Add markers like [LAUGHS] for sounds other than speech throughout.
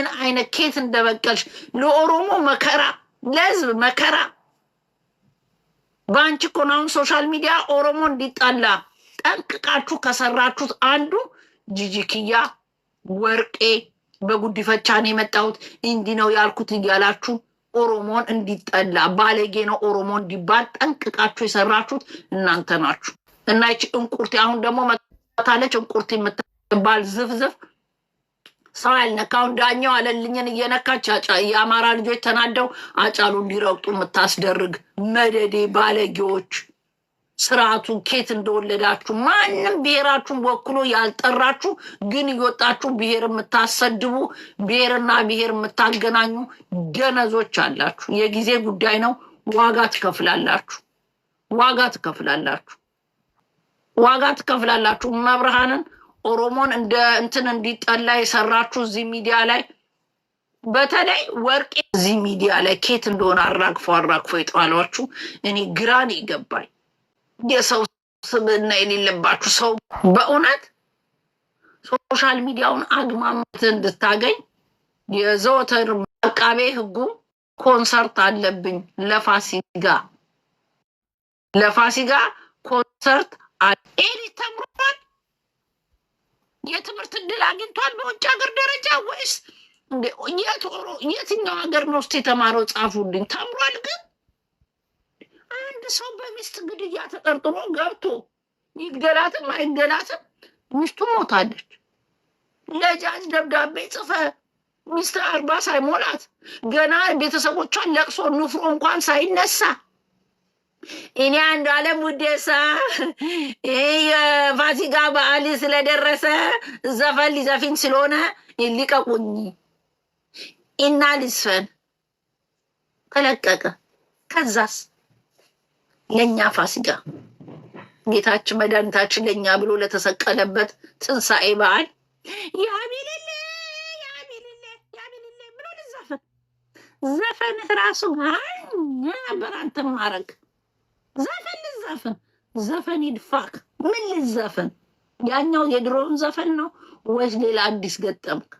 ምን አይነት ኬት እንደበቀልሽ ለኦሮሞ መከራ፣ ለህዝብ መከራ። በአንቺ እኮ ነው አሁን ሶሻል ሚዲያ ኦሮሞ እንዲጠላ ጠንቅቃችሁ ከሰራችሁት አንዱ ጂጂክያ ወርቄ በጉዲፈቻን የመጣሁት እንዲህ ነው ያልኩት እያላችሁ ኦሮሞን እንዲጠላ ባለጌ ነው ኦሮሞ እንዲባል ጠንቅቃችሁ የሰራችሁት እናንተ ናችሁ። እና ይቺ እንቁርቲ አሁን ደግሞ መታለች። እንቁርቲ የምትባል ዝፍዝፍ ሰው ያልነካውን ዳኛው አለልኝን እየነካች የአማራ ልጆች ተናደው አጫሉ እንዲረግጡ የምታስደርግ መደዴ ባለጌዎች፣ ስርዓቱ ኬት እንደወለዳችሁ ማንም ብሔራችሁን ወክሎ ያልጠራችሁ ግን እየወጣችሁ ብሔር የምታሰድቡ ብሔርና ብሔር የምታገናኙ ደነዞች አላችሁ። የጊዜ ጉዳይ ነው። ዋጋ ትከፍላላችሁ። ዋጋ ትከፍላላችሁ። ዋጋ ትከፍላላችሁ። መብርሃንን ኦሮሞን እንደ እንትን እንዲጠላ የሰራችሁ እዚህ ሚዲያ ላይ በተለይ ወርቄ እዚህ ሚዲያ ላይ ኬት እንደሆነ አራግፎ አራግፎ የጣሏችሁ እኔ ግራን ይገባኝ። የሰው ስብዕና የሌለባችሁ ሰው በእውነት ሶሻል ሚዲያውን አግማመት እንድታገኝ የዘወትር አቃቤ ሕጉ ኮንሰርት አለብኝ ለፋሲጋ ለፋሲጋ ኮንሰርት ኤሪ ተምሯል የትምህርት እድል አግኝቷል በውጭ ሀገር ደረጃ ወይስ የትኛው ሀገር ነው ውስጥ የተማረው? ጻፉልኝ። ተምሯል ግን አንድ ሰው በሚስት ግድያ ተጠርጥሮ ገብቶ ይገላትም አይገላትም ሚስቱ ሞታለች። ለጃጅ ደብዳቤ ጽፈ ሚስት አርባ ሳይሞላት ገና ቤተሰቦቿን ለቅሶ ንፍሮ እንኳን ሳይነሳ እኔ አንዱ አለም ውዴሳ የፋሲካ በዓል ስለደረሰ ዘፈን ሊዘፊን ስለሆነ ሊቀቁኝ እና ልስፈን ተለቀቀ። ከዛስ ለእኛ ፋሲካ ጌታችን መድኃኒታችን ለእኛ ብሎ ለተሰቀለበት ትንሣኤ በዓል የአሜልሌ የአሜልሌ የአሜልሌ ብሎ ልዘፈን ዘፈንህ ራሱ በራንትን ማረግ ዘፈን ልዘፈን ዘፈን ይድፋቅ። ምን ልዘፈን? ያኛው የድሮውን ዘፈን ነው ወይስ ሌላ አዲስ ገጠምክ?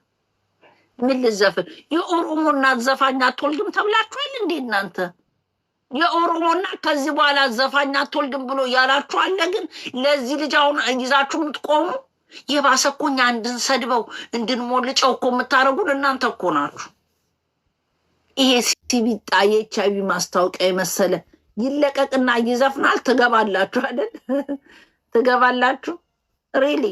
ምን ልዘፈን? የኦሮሞ እናት ዘፋኝ አትወልድም ተብላችኋል እንዴ እናንተ? የኦሮሞ እናት ከዚህ በኋላ ዘፋኝ አትወልድም ብሎ ያላችኋለ። ግን ለዚህ ልጅ አሁን ይዛችሁ የምትቆሙ የባሰ እኮ እኛ እንድንሰድበው እንድንሞልጨው እኮ የምታደርጉን እናንተ እኮ ናችሁ። ይሄ ሲቢጣ የኤች አይ ቪ ማስታወቂያ የመሰለ ይለቀቅና ይዘፍናል። ትገባላችሁ አይደል? [LAUGHS] ትገባላችሁ ሪሊ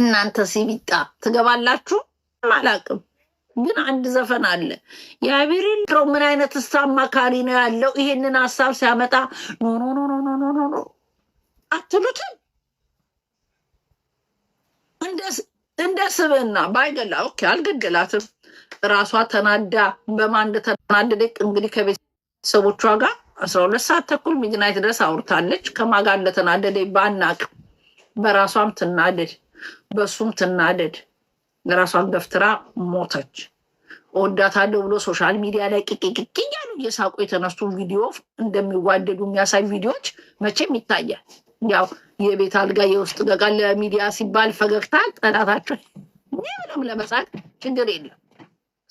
እናንተ ሲቢጣ ትገባላችሁ። አላቅም ግን አንድ ዘፈን አለ የአቢሪል ድሮ ምን አይነት እሳ አማካሪ ነው ያለው። ይሄንን ሀሳብ ሲያመጣ ኖ ኖ ኖ ኖ ኖ ኖ አትሉትም እንደ ስብና ባይገላ ኦኬ አልገገላትም። ራሷ ተናዳ በማን አንድ ደቅ እንግዲህ ከቤተሰቦቿ ጋር አስራ ሁለት ሰዓት ተኩል ሚድናይት ድረስ አውርታለች። ከማጋ እንደተናደደ በአናቅ በራሷም ትናደድ በሱም ትናደድ ራሷን ገፍትራ ሞተች። እወዳታለሁ ብሎ ሶሻል ሚዲያ ላይ ቅቅቅቅ እያሉ እየሳቁ የተነሱ ቪዲዮ እንደሚዋደዱ የሚያሳይ ቪዲዮዎች መቼም ይታያል። ያው የቤት አልጋ የውስጥ ገቃ ለሚዲያ ሲባል ፈገግታ ጠላታቸው ምንም ለመሳቅ ችግር የለም።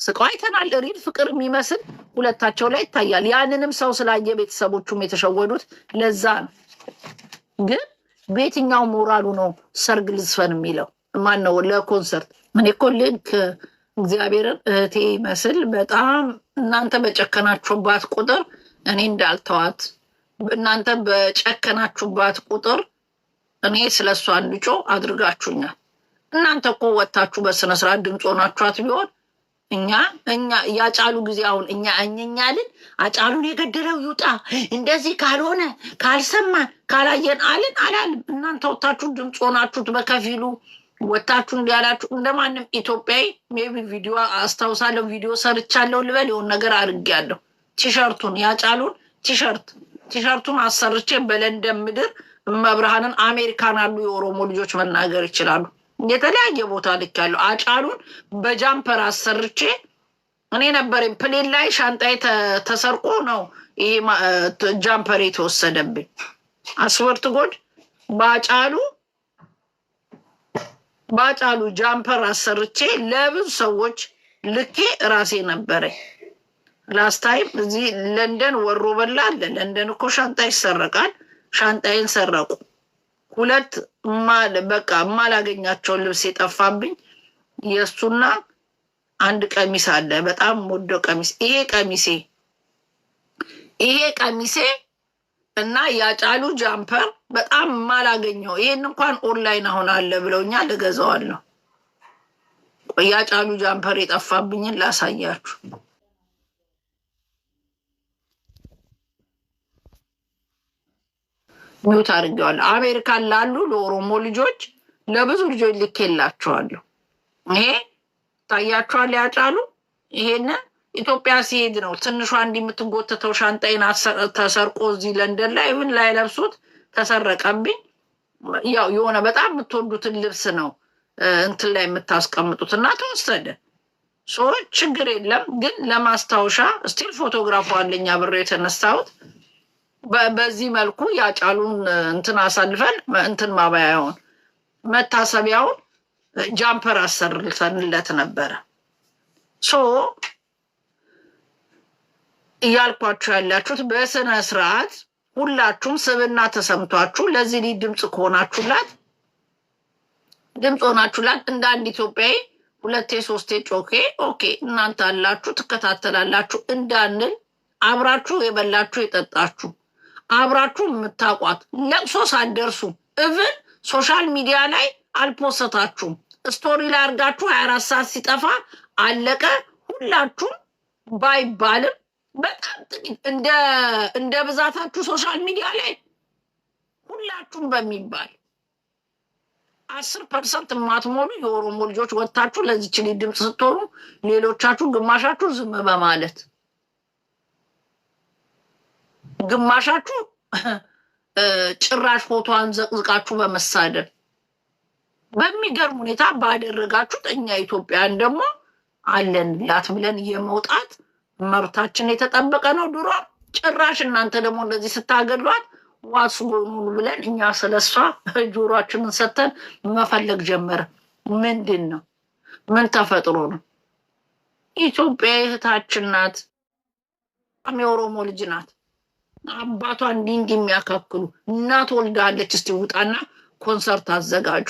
ስቀው አይተናል። ሪል ፍቅር የሚመስል ሁለታቸው ላይ ይታያል። ያንንም ሰው ስላየ ቤተሰቦቹም የተሸወዱት ለዛ ነው። ግን በየትኛው ሞራሉ ነው ሰርግ ልዝፈን የሚለው? ማን ነው ለኮንሰርት? እኔ እኮ እግዚአብሔርን እህቴ ይመስል በጣም እናንተ በጨከናችሁባት ቁጥር እኔ እንዳልተዋት እናንተ በጨከናችሁባት ቁጥር እኔ ስለሷ እንድጮ አድርጋችሁኛል። እናንተ እኮ ወታችሁ በስነስርዓት ድምፅ ሆናችኋት ቢሆን እኛ እኛ ያጫሉ ጊዜ አሁን እኛ እኛኛልን አጫሉን የገደለው ይውጣ፣ እንደዚህ ካልሆነ ካልሰማን ካላየን አልን አላልም። እናንተ ወታችሁ ድምፅ ሆናችሁት በከፊሉ ወታችሁ እንዲያላችሁ እንደማንም ኢትዮጵያዊ ሜቢ ቪዲዮ አስታውሳለሁ፣ ቪዲዮ ሰርቻለሁ ልበል የሆን ነገር አድርጌያለሁ። ቲሸርቱን ያጫሉን ቲሸርት ቲሸርቱን አሰርቼ በለንደን ምድር መብርሃንን አሜሪካን አሉ የኦሮሞ ልጆች መናገር ይችላሉ። የተለያየ ቦታ ልክ ያለው አጫሉን በጃምፐር አሰርቼ እኔ ነበር ፕሌን ላይ ሻንጣዬ ተሰርቆ ነው ይሄ ጃምፐር የተወሰደብኝ። አስወርት ጎድ በአጫሉ በአጫሉ ጃምፐር አሰርቼ ለብዙ ሰዎች ልኬ ራሴ ነበረ። ላስት ታይም እዚህ ለንደን ወሮ በላ አለ። ለንደን እኮ ሻንጣ ይሰረቃል። ሻንጣዬን ሰረቁ። ሁለት በቃ የማላገኛቸውን ልብስ የጠፋብኝ የእሱና አንድ ቀሚስ አለ። በጣም ወደው ቀሚስ ይሄ ቀሚሴ ይሄ ቀሚሴ እና ያጫሉ ጃምፐር በጣም የማላገኘው ይሄን እንኳን ኦንላይን አሁን አለ ብለውኛል፣ እገዛዋለሁ። ያጫሉ ጃምፐር የጠፋብኝን ላሳያችሁ። ሚውት አድርጌዋለሁ። አሜሪካን ላሉ ለኦሮሞ ልጆች ለብዙ ልጆች ልኬላቸዋለሁ። ይሄ ታያቸዋል። ያጫሉ ይሄንን ኢትዮጵያ ሲሄድ ነው ትንሿ እንዲህ የምትጎተተው ሻንጣይን ተሰርቆ እዚህ ለንደን ላይ ይሁን ላይ ለብሱት ተሰረቀብኝ። ያው የሆነ በጣም የምትወዱትን ልብስ ነው እንትን ላይ የምታስቀምጡት እና ተወሰደ። ሰዎች ችግር የለም ግን ለማስታወሻ ስቲል ፎቶግራፉ አለኝ አብሬው የተነሳሁት በዚህ መልኩ ያጫሉን እንትን አሳልፈን እንትን ማባያውን መታሰቢያውን ጃምፐር አሰርሰንለት ነበረ። ሶ እያልኳችሁ ያላችሁት በስነ ስርዓት ሁላችሁም ስብና ተሰምቷችሁ ለዚህ ልጅ ድምፅ ከሆናችሁላት ድምፅ ሆናችሁላት እንደ አንድ ኢትዮጵያዊ ሁለቴ ሶስቴ ጮኬ ኦኬ እናንተ አላችሁ ትከታተላላችሁ እንዳንል አብራችሁ የበላችሁ የጠጣችሁ አብራችሁ የምታውቋት ለቅሶ ሳደርሱ እብን ሶሻል ሚዲያ ላይ አልፖሰታችሁም ስቶሪ ላይ አድርጋችሁ ሀያ አራት ሰዓት ሲጠፋ አለቀ ሁላችሁም ባይባልም በጣም ጥቂት እንደ ብዛታችሁ ሶሻል ሚዲያ ላይ ሁላችሁም በሚባል አስር ፐርሰንት የማትሞሉ የኦሮሞ ልጆች ወጥታችሁ ለዚች ድምፅ ስትሆኑ ሌሎቻችሁ ግማሻችሁ ዝም በማለት ግማሻችሁ ጭራሽ ፎቶዋን ዘቅዝቃችሁ በመሳደብ በሚገርም ሁኔታ ባደረጋችሁት እኛ ኢትዮጵያን ደግሞ አለን ብለን የመውጣት መብታችን የተጠበቀ ነው። ድሮ ጭራሽ እናንተ ደግሞ እንደዚህ ስታገሏት ዋስ ጎኑን ብለን እኛ ስለሷ ጆሯችንን ሰተን መፈለግ ጀመረ። ምንድን ነው? ምን ተፈጥሮ ነው? ኢትዮጵያ እህታችን ናት። የኦሮሞ ልጅ ናት። አባቷ እንዲህ እንዲህ የሚያካክሉ እናት ወልዳለች፣ እስቲ ውጣና ኮንሰርት አዘጋጁ።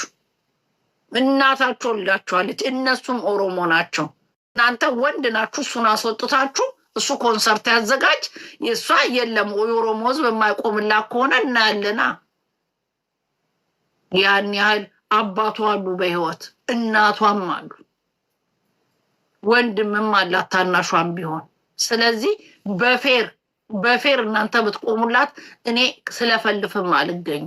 እናታቸው ወልዳቸዋለች እነሱም ኦሮሞ ናቸው። እናንተ ወንድ ናችሁ። እሱን አስወጥታችሁ እሱ ኮንሰርት ያዘጋጅ። የእሷ የለም የኦሮሞ ሕዝብ የማይቆምላት ከሆነ እናያለና ያን ያህል አባቷ አሉ በህይወት እናቷም አሉ ወንድምም አላት ታናሿም ቢሆን ስለዚህ በፌር በፌር እናንተ ብትቆሙላት እኔ ስለፈልፍም አልገኝ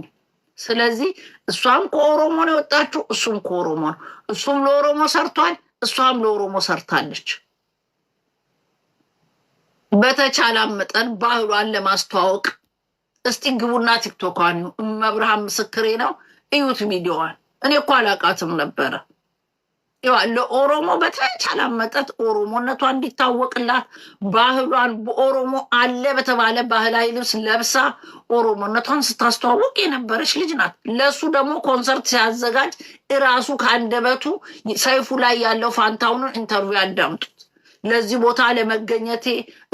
ስለዚህ እሷም ከኦሮሞ ነው የወጣችው፣ እሱም ከኦሮሞ ነው። እሱም ለኦሮሞ ሰርቷል፣ እሷም ለኦሮሞ ሰርታለች። በተቻለ መጠን ባህሏን ለማስተዋወቅ እስቲ ግቡና ቲክቶኳን መብርሃን ምስክሬ ነው እዩት፣ ሚዲያዋን እኔ እኮ አላቃትም ነበረ ለኦሮሞ በተቻለ መጠት ኦሮሞነቷ እንዲታወቅላት ባህሏን በኦሮሞ አለ በተባለ ባህላዊ ልብስ ለብሳ ኦሮሞነቷን ስታስተዋውቅ የነበረች ልጅ ናት። ለእሱ ደግሞ ኮንሰርት ሲያዘጋጅ እራሱ ከአንደበቱ ሰይፉ ላይ ያለው ፋንታሁንን ኢንተርቪው ያዳምጡት። ለዚህ ቦታ ለመገኘቴ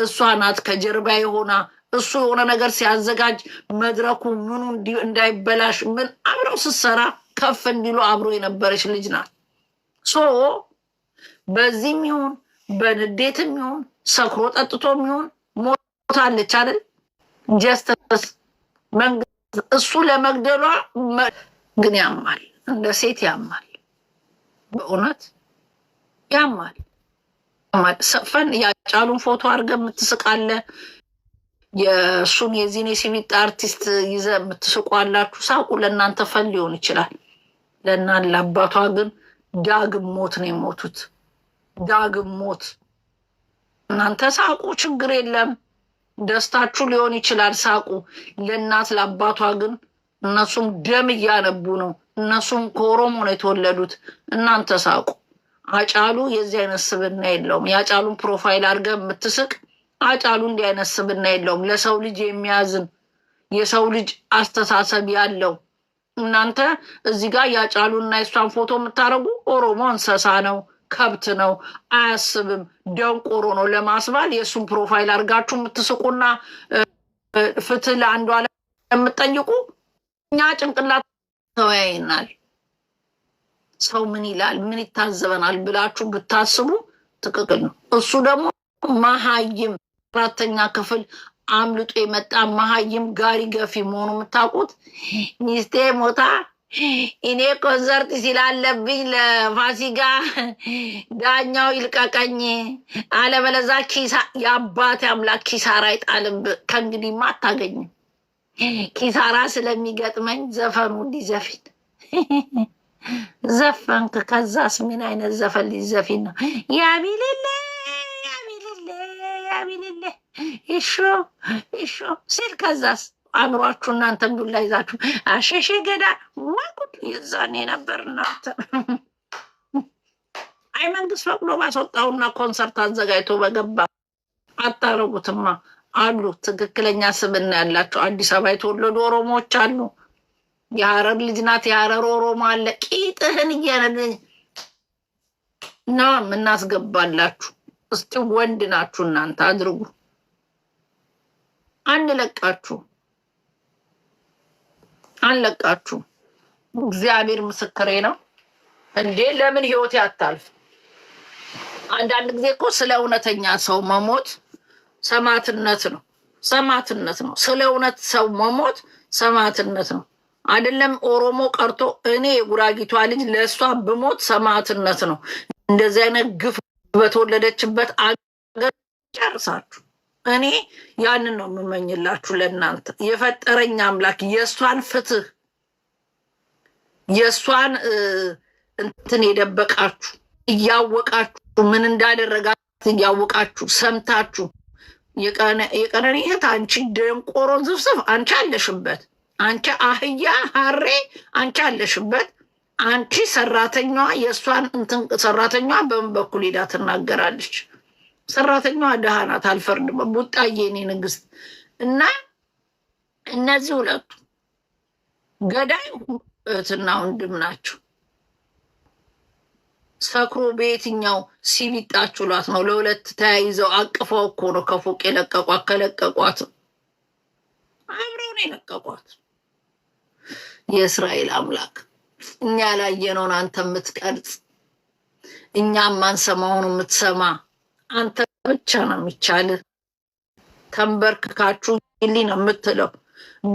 እሷ ናት ከጀርባ የሆና እሱ የሆነ ነገር ሲያዘጋጅ መድረኩ ምኑ እንዳይበላሽ ምን አብረው ስትሰራ ከፍ እንዲሉ አብሮ የነበረች ልጅ ናት። ሶ በዚህም ይሁን በንዴትም ይሁን ሰክሮ ጠጥቶም ይሁን ሞታለች አይደል? ጀስተስ መንግስት እሱ ለመግደሏ ግን ያማል፣ እንደ ሴት ያማል፣ በእውነት ያማል። ሰፈን ያጫሉን ፎቶ አድርገ የምትስቃለ የእሱን የዚህን የሲቪጣ አርቲስት ይዘ የምትስቁ አላችሁ። ሳቁ። ለእናንተ ፈን ሊሆን ይችላል፣ ለእናን ለአባቷ ግን ዳግም ሞት ነው የሞቱት። ዳግም ሞት። እናንተ ሳቁ፣ ችግር የለም ደስታችሁ ሊሆን ይችላል። ሳቁ። ለእናት ለአባቷ ግን እነሱም ደም እያነቡ ነው። እነሱም ከኦሮሞ ነው የተወለዱት። እናንተ ሳቁ። አጫሉ የዚህ አይነት ስብና የለውም። የአጫሉን ፕሮፋይል አድርገ የምትስቅ አጫሉ እንዲህ አይነት ስብና የለውም። ለሰው ልጅ የሚያዝን የሰው ልጅ አስተሳሰብ ያለው እናንተ እዚህ ጋር ያጫሉና የሷን ፎቶ የምታደርጉ ኦሮሞ እንሰሳ ነው፣ ከብት ነው፣ አያስብም፣ ደንቆሮ ነው ለማስባል የእሱን ፕሮፋይል አድርጋችሁ የምትስቁና ፍትህ ለአንዱ አለ እኛ ጭንቅላት ተወያይናል። ሰው ምን ይላል ምን ይታዘበናል ብላችሁ ብታስቡ ትክክል ነው። እሱ ደግሞ መሀይም አራተኛ ክፍል አምልጦ የመጣ መሀይም ጋሪ ገፊ መሆኑ የምታውቁት። ሚስቴ ሞታ እኔ ኮንሰርት ስላለብኝ ለፋሲጋ ዳኛው ይልቀቀኝ፣ አለበለዛ የአባት አምላክ ኪሳራ ይጣልብ፣ ከእንግዲህማ አታገኝም። ኪሳራ ስለሚገጥመኝ ዘፈኑ እንዲዘፊን ዘፈንክ። ከዛስ ምን አይነት ዘፈን ሊዘፊን ነው? ያቢልሌ ያቢልሌ ያቢልሌ እሾ እሾ ሲል ከዛስ አምሯችሁ እናንተ ዱላ ይዛችሁ አሸሼ ገዳ ዋቁድ የዛኔ ነበር እናንተ አይ መንግስት ፈቅዶ ባስወጣውና ኮንሰርት አዘጋጅቶ በገባ አታረጉትማ አሉ። ትክክለኛ ስብና ያላቸው አዲስ አበባ የተወለዱ ኦሮሞዎች አሉ። የሀረር ልጅ ናት፣ የሀረር ኦሮሞ አለ። ቂጥህን እያነድ እና እናስገባላችሁ። እስቲ ወንድ ናችሁ እናንተ አድርጉ። አንለቃችሁ አንለቃችሁ። እግዚአብሔር ምስክሬ ነው። እንዴ ለምን ህይወት ያታልፍ? አንዳንድ ጊዜ እኮ ስለ እውነተኛ ሰው መሞት ሰማዕትነት ነው። ሰማዕትነት ነው። ስለ እውነት ሰው መሞት ሰማዕትነት ነው። አይደለም ኦሮሞ ቀርቶ እኔ ጉራጊቷ ልጅ ለእሷ ብሞት ሰማዕትነት ነው። እንደዚህ አይነት ግፍ በተወለደችበት አገር ጨርሳችሁ እኔ ያንን ነው የምመኝላችሁ ለእናንተ የፈጠረኝ አምላክ የእሷን ፍትህ የእሷን እንትን የደበቃችሁ እያወቃችሁ ምን እንዳደረጋት እያወቃችሁ ሰምታችሁ የቀነኒ እህት አንቺ ደንቆሮ ዝብስብ አንቺ አለሽበት፣ አንቺ አህያ ሀሬ አንቺ አለሽበት። አንቺ ሰራተኛዋ የእሷን እንትን ሰራተኛዋ በምን በኩል ሄዳ ትናገራለች? ሰራተኛዋ ድሃ ናት፣ አልፈርድም። ቡጣዬ እኔ ንግስት እና እነዚህ ሁለቱ ገዳይ እህትና ወንድም ናቸው። ሰክሮ በየትኛው ሲቢጣችሁላት ነው? ለሁለት ተያይዘው አቅፈው እኮ ነው ከፎቅ የለቀቋት። ከለቀቋት አብረው ነው የለቀቋት። የእስራኤል አምላክ እኛ ላየነውን አንተ የምትቀርጽ እኛም ማንሰማውን የምትሰማ አንተ ብቻ ነው የሚቻል። ተንበርክካችሁ ሊ ነው የምትለው።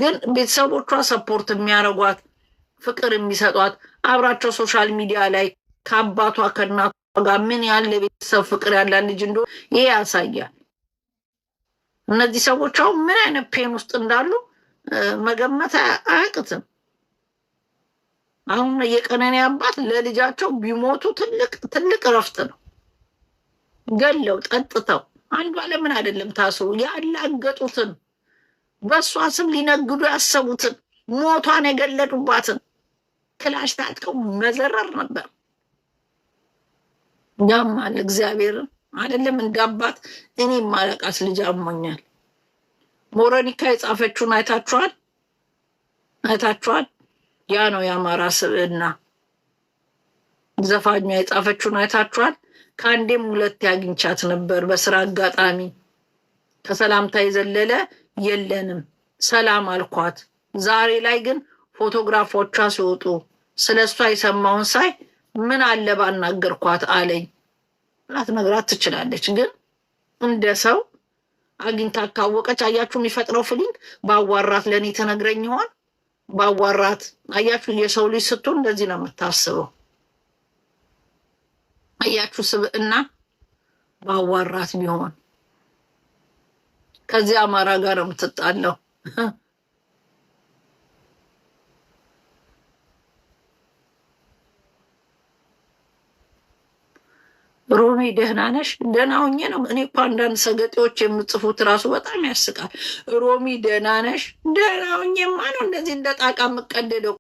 ግን ቤተሰቦቿ ሰፖርት የሚያደርጓት ፍቅር የሚሰጧት አብራቸው ሶሻል ሚዲያ ላይ ከአባቷ ከእናቷ ጋር ምን ያህል ለቤተሰብ ፍቅር ያላት ልጅ እንደሆነ ይህ ያሳያል። እነዚህ ሰዎች አሁን ምን አይነት ፔን ውስጥ እንዳሉ መገመት አያቅትም። አሁን የቀነኔ አባት ለልጃቸው ቢሞቱ ትልቅ ትልቅ እረፍት ነው። ገለው ጠጥተው አንዷ ለምን አይደለም ታስሩ ያላገጡትን በእሷ ስም ሊነግዱ ያሰቡትን ሞቷን የገለጡባትን ክላሽ ታጥቀው መዘረር ነበር። ያማል። እግዚአብሔርን አይደለም እንዳባት እኔ ማለቃት ልጅ አሞኛል። ሞረኒካ የጻፈችውን አይታችኋል? አይታችኋል? ያ ነው የአማራ ስብዕና። ዘፋኛ የጻፈችውን አይታችኋል? ከአንዴም ሁለቴ አግኝቻት ነበር በስራ አጋጣሚ። ከሰላምታ የዘለለ የለንም። ሰላም አልኳት። ዛሬ ላይ ግን ፎቶግራፎቿ ሲወጡ ስለ እሷ የሰማውን ሳይ ምን አለ ባናገርኳት አለኝ። ነግራት ትችላለች፣ ግን እንደ ሰው አግኝታ ካወቀች። አያችሁ የሚፈጥረው ፊሊንግ። ባዋራት ለእኔ ተነግረኝ ይሆን ባዋራት። አያችሁ የሰው ልጅ ስትሆን እንደዚህ ነው የምታስበው። አያችሁ ስብዕና ባዋራት ቢሆን ከዚህ አማራ ጋር ነው የምትጣለው። [LAUGHS] ሮሚ ደህና ነሽ? ደህና ሁኜ ነው። እኔ እኮ አንዳንድ ሰገጤዎች የምጽፉት ራሱ በጣም ያስቃል። ሮሚ ደህና ነሽ? ደህና ሆኜማ ነው እንደዚህ እንደ ጣቃ የምቀደደው።